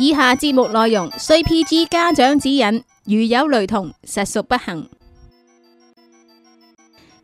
以下節目內容需 PG 家長指引，如有雷同，實屬不幸。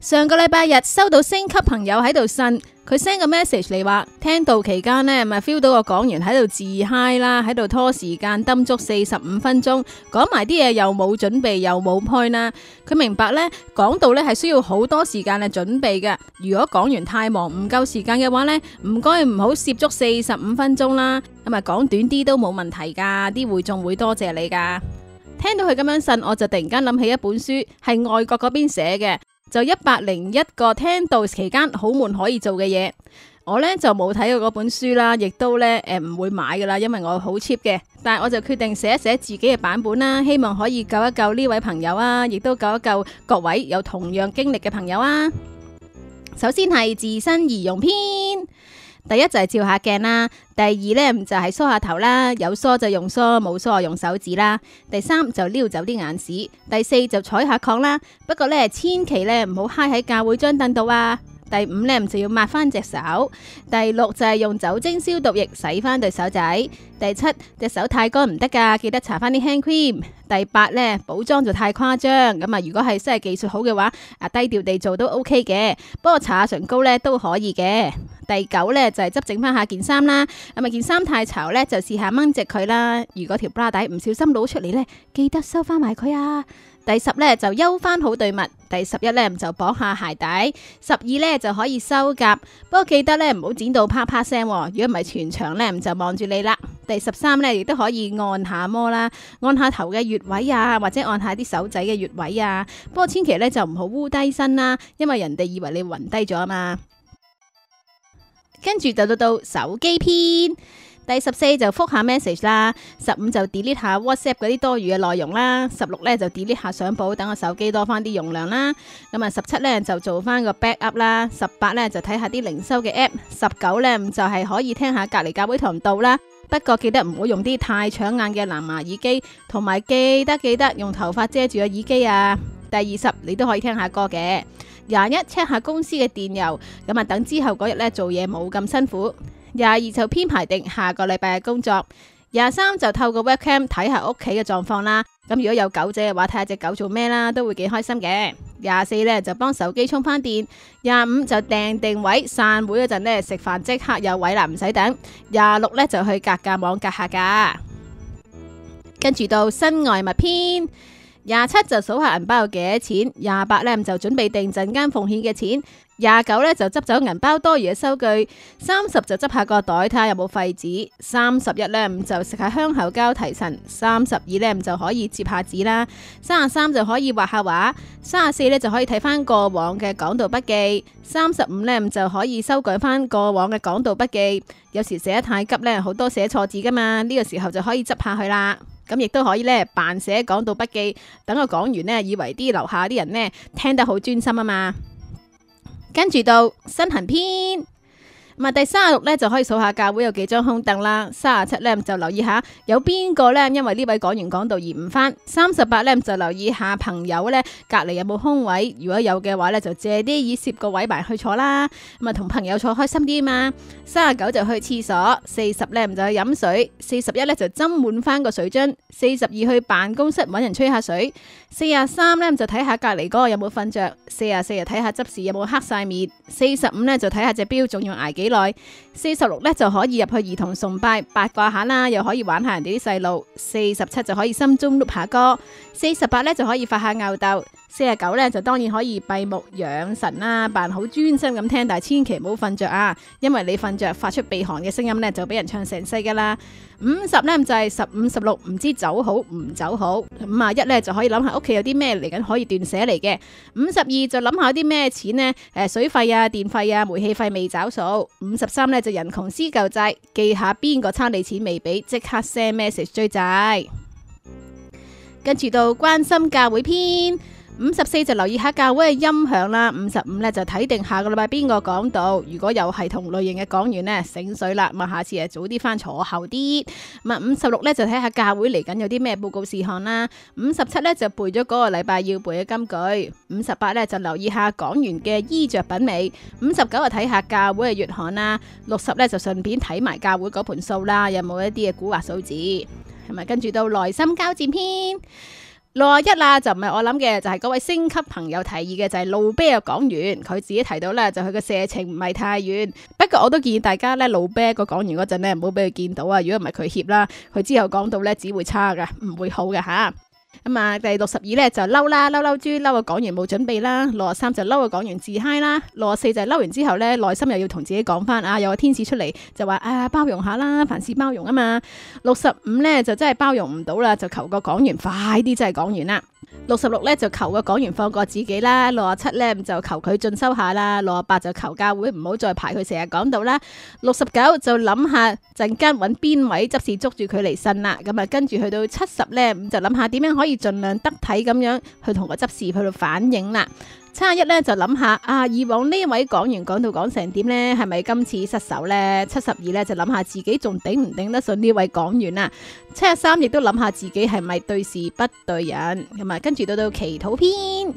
上個禮拜日收到星級朋友喺度呻，佢 send 個 message 嚟話，聽到期間呢，咪 feel 到個講員喺度自嗨啦，喺度拖時間，噏足四十五分鐘，講埋啲嘢又冇準備又冇 point 啦。佢明白呢，講到呢係需要好多時間嘅準備嘅。如果講員太忙唔夠時間嘅話呢，唔該唔好涉足四十五分鐘啦，咁啊講短啲都冇問題噶，啲會眾會多謝你噶。聽到佢咁樣呻，我就突然間諗起一本書，係外國嗰邊寫嘅。就一百零一個聽到期間好悶可以做嘅嘢，我呢就冇睇過嗰本書啦，亦都呢誒唔會買㗎喇，因為我好 cheap 嘅。但係我就決定寫一寫自己嘅版本啦，希望可以救一救呢位朋友啊，亦都救一救各位有同樣經歷嘅朋友啊。首先係自身儀容篇。第一就係照下鏡啦，第二呢，就係梳下頭啦，有梳就用梳，冇梳就用手指啦。第三就撩走啲眼屎，第四就採下礦啦。不過呢，千祈呢唔好揩喺教會張凳度啊。第五呢，就要抹翻隻手，第六就係用酒精消毒液洗翻對手仔。第七隻手太乾唔得㗎，記得搽翻啲 hand cream。第八呢，補妝就太誇張，咁啊如果係真係技術好嘅話，啊低調地做都 OK 嘅。不過搽下唇膏呢都可以嘅。第九呢，就係執整翻下件衫啦，咁啊件衫太潮呢，就試下掹直佢啦。如果條 bra 帶唔小心攞出嚟呢，記得收翻埋佢啊。第十呢，就休翻好對襪。第十一呢，就綁下鞋帶。十二呢，就可以收夾，不過記得呢，唔好剪到啪啪聲啊。如果唔係全場咧就望住你啦。第十三咧，亦都可以按下摩啦，按下頭嘅穴位啊，或者按下啲手仔嘅穴位啊。不過千祈咧就唔好烏低身啦，因為人哋以為你暈低咗啊嘛。跟住就到到手機篇，第十四就覆下 message 啦，十五就 delete 下 WhatsApp 嗰啲多餘嘅內容啦，十六咧就 delete 下相簿，等個手機多翻啲容量啦。咁啊，十七咧就做翻個 backup 啦，十八咧就睇下啲靈修嘅 app，十九咧就係可以聽下隔籬教會堂道啦。不過記得唔好用啲太搶眼嘅藍牙耳機，同埋記得記得用頭髮遮住個耳機啊！第二十你都可以聽下歌嘅，廿一 check 下公司嘅電郵，咁啊等之後嗰日呢做嘢冇咁辛苦。廿二就編排定下個禮拜嘅工作，廿三就透過 webcam 睇下屋企嘅狀況啦。咁如果有狗仔嘅話，睇下隻狗做咩啦，都會幾開心嘅。廿四咧就幫手機充翻電，廿五就訂定位，散會嗰陣呢，食飯即刻有位啦，唔使等。廿六咧就去格價網格下價，跟住到新外賣篇。廿七就數下銀包有幾多錢，廿八呢就準備定陣間奉獻嘅錢，廿九呢就執走銀包多餘嘅收據，三十就執下個袋睇下有冇廢紙，三十一呢就食下香口膠提神，三十二呢就可以接下紙啦，三十三就可以畫下畫，三十四呢就可以睇翻過往嘅講道筆記，三十五呢就可以修改翻過往嘅講道筆記，有時寫得太急呢好多寫錯字噶嘛，呢個時候就可以執下去啦。.咁亦都可以呢，扮寫講到筆記，等我講完呢，以為啲樓下啲人呢，聽得好專心啊嘛，跟住到新行篇。咁啊，第三十六咧就可以數下教會有幾張空凳啦。三十七咧就留意下有邊個咧，因為呢位講完講道而唔翻。三十八咧就留意下朋友咧隔籬有冇空位，如果有嘅話咧就借啲椅攝個位埋去坐啦。咁啊，同朋友坐開心啲啊嘛。三十九就去廁所，四十咧就去飲水，四十一咧就斟滿翻個水樽，四十二去辦公室搵人吹下水，四廿三咧就睇下隔籬嗰個有冇瞓着，四廿四就睇下執事有冇黑晒面，四十五咧就睇下隻表仲要挨幾。幾耐？四十六咧就可以入去兒童崇拜八卦下啦，又可以玩下人哋啲細路。四十七就可以心中碌下歌。四十八咧就可以發下吽哣。四十九咧，就當然可以閉目養神啦，扮好專心咁聽，但係千祈唔好瞓着啊，因為你瞓着發出鼻鼾嘅聲音呢，就俾人唱成世噶啦。五十呢，就係十五十六，唔知走好唔走好。五十一呢，就可以諗下屋企有啲咩嚟緊可以斷捨嚟嘅。五十二就諗下啲咩錢呢？誒，水費啊、電費啊、煤氣費未找數。五十三呢，就人窮思舊債，記下邊個差你錢未俾，即刻 send message 追債。跟住到關心教會篇。五十四就留意下教會嘅音響啦，五十五呢就睇定下個禮拜邊個講道，如果又係同類型嘅講員呢，醒水啦，咁啊下次啊早啲翻坐後啲。咁啊五十六呢就睇下教會嚟緊有啲咩報告事項啦，五十七呢就背咗嗰個禮拜要背嘅金句，五十八呢就留意下講員嘅衣着品味，五十九啊睇下教會嘅月刊啦，六十呢就順便睇埋教會嗰盤數啦，有冇一啲嘅古惑數字，係咪？跟住到內心交戰篇。六啊一啦，就唔係我諗嘅，就係嗰位星級朋友提議嘅就係路啤嘅講員，佢自己提到呢，就佢嘅射程唔係太遠，不過我都建議大家呢，路啤個講員嗰陣呢，唔好俾佢見到啊，如果唔係佢怯啦，佢之後講到呢，只會差噶，唔會好嘅吓。咁啊，第六十二咧就嬲啦，嬲嬲豬，嬲個講員冇準備啦。六十三就嬲個講員自嗨啦。六十四就嬲完之後呢，內心又要同自己講翻啊，有個天使出嚟就話啊，包容下啦，凡事包容啊嘛。六十五呢就真係包容唔到啦，就求個講員快啲，真係講完啦。六十六呢就求個講員放過自己啦。六十七呢就求佢進修下啦。六十八就求教會唔好再排佢成日講道啦。六十九就諗下陣間揾邊位執事捉住佢離身啦。咁啊，跟住去到七十咧，就諗下點樣可。可以盡量得體咁樣去同個執事去到反映啦。七十一咧就諗下啊，以往呢位講員講到講成點呢？係咪今次失手呢？七十二咧就諗下自己仲頂唔頂得順呢位講員啦。七十三亦都諗下自己係咪對事不對人。同、啊、埋跟住到到祈禱篇。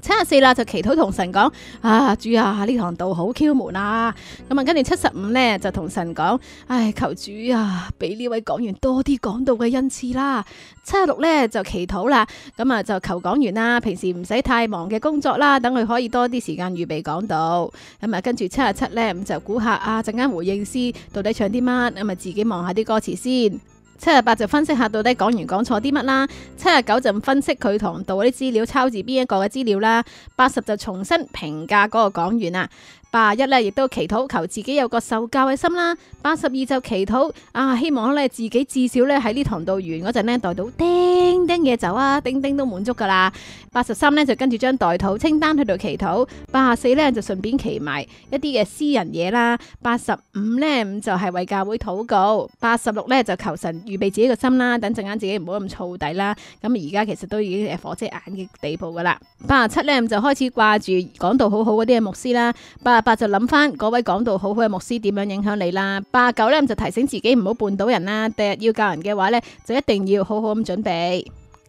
七十四啦，74，就祈禱同神講啊，主啊，呢堂道好竅門啊。咁啊，跟住七十五呢，就同神講，唉，求主啊，俾呢位講員多啲講道嘅恩賜啦。七十六呢，就祈禱啦，咁、嗯、啊就求講員啦，平時唔使太忙嘅工作啦，等佢可以多啲時間預備講道。咁啊，跟住七十七呢，咁就估下啊，陣間回應先，到底唱啲乜？咁、嗯、啊，自己望下啲歌詞先。七十八就分析下到底講員講錯啲乜啦，七十九就分析佢同道啲資料抄自邊一個嘅資料啦，八十就重新評價嗰個講員啊。八十一咧，81, 亦都祈禱求自己有個受教嘅心啦。八十二就祈禱啊，希望咧自己至少咧喺呢堂道完嗰陣呢，代到叮叮嘢走啊，叮叮都滿足噶啦。八十三咧就跟住張代禱清單去到祈禱。八十四咧就順便祈埋一啲嘅私人嘢啦。八十五咧咁就係為教會禱告。八十六咧就求神預備自己個心啦，等陣間自己唔好咁燥底啦。咁而家其實都已經誒火遮眼嘅地步噶啦。八十七咧就開始掛住講道好好嗰啲嘅牧師啦。八八就諗翻嗰位講到好好嘅牧師點樣影響你啦，八九咧就提醒自己唔好絆倒人啦，第日要教人嘅話咧就一定要好好咁準備，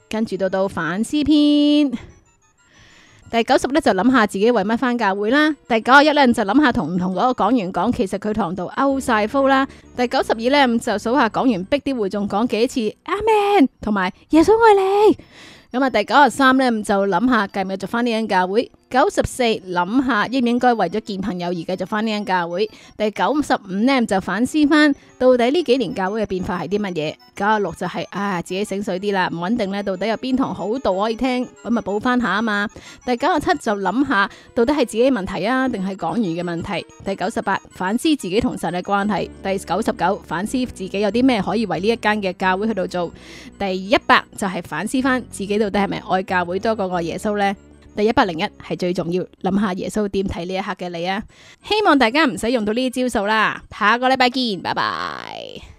跟住到到反思篇，第九十咧就諗下自己為乜翻教會啦，第九十一咧就諗下同唔同嗰個講員講，其實佢堂度 out 晒 full 啦，第九十二咧就數下講完逼啲會眾講幾次，阿 Man 同埋耶穌愛你，咁啊第九十三咧就諗下繼唔繼續翻呢間教會。九十四諗下應唔應該為咗見朋友而繼續翻,呢間教會，第九十五呢就反思翻到底呢幾年教會嘅變化係啲乜嘢，九十六就係、是、啊自己醒水啲啦，唔穩定呢，到底有邊堂好道可以聽，咁咪補翻下啊嘛，第九十七就諗下到底係自己問題啊，定係港語嘅問題，第九十八反思自己同神嘅關係，第九十九反思自己有啲咩可以為呢一間嘅教會去到做，第一百就係反思翻自己到底係咪愛教會多過愛耶穌呢。第一百零一係最重要，諗下耶穌點睇呢一刻嘅你啊！希望大家唔使用用到呢啲招數啦。下個禮拜見，拜拜。